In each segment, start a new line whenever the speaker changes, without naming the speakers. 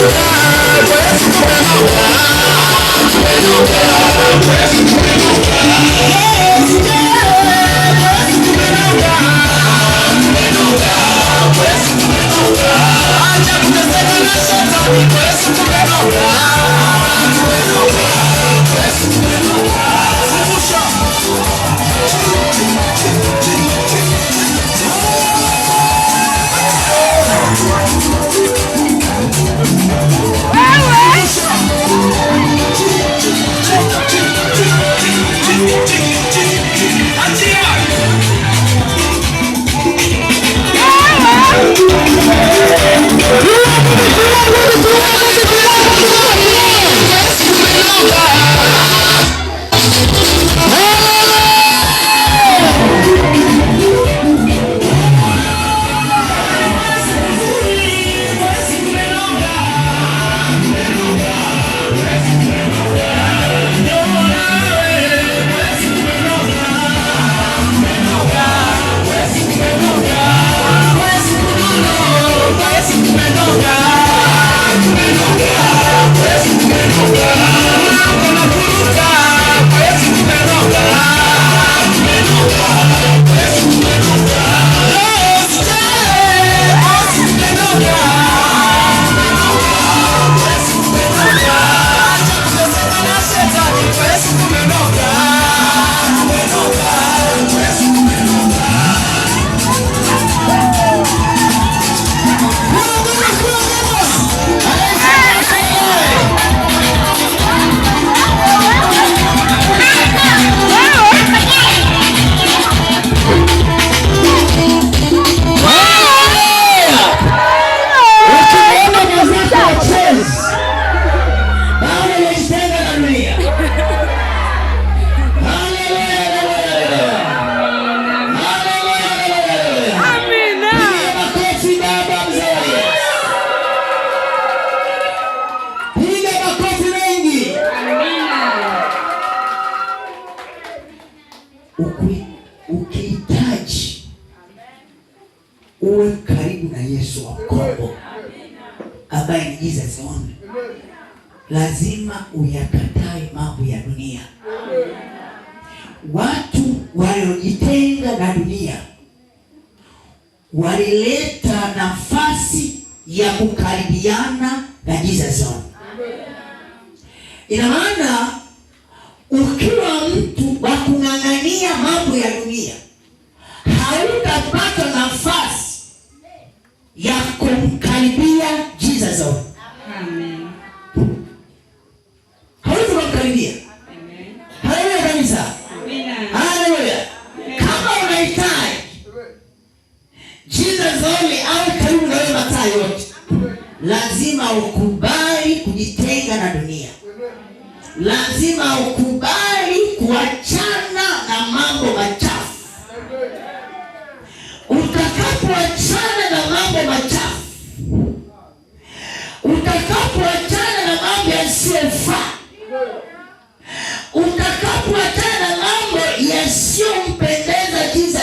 Yeah.
uwe karibu na Yesu wa mkombo ambaye ni Jesus only. Lazima uyakatae mambo ya dunia. Watu waliojitenga na dunia walileta nafasi ya kukaribiana na Jesus only. Ina maana ukiwa mtu wa kung'ang'ania mambo ya dunia kucheza wewe. Amen. Hawezi Amen. Haleluya kanisa. Amina. Haleluya. Kama unahitaji Jesus only au karibu na wewe yote. Lazima ukubali kujitenga na dunia. Lazima ukubali kuachana na mambo machafu. Utakapoachana na mambo machafu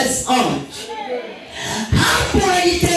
orange. Hapo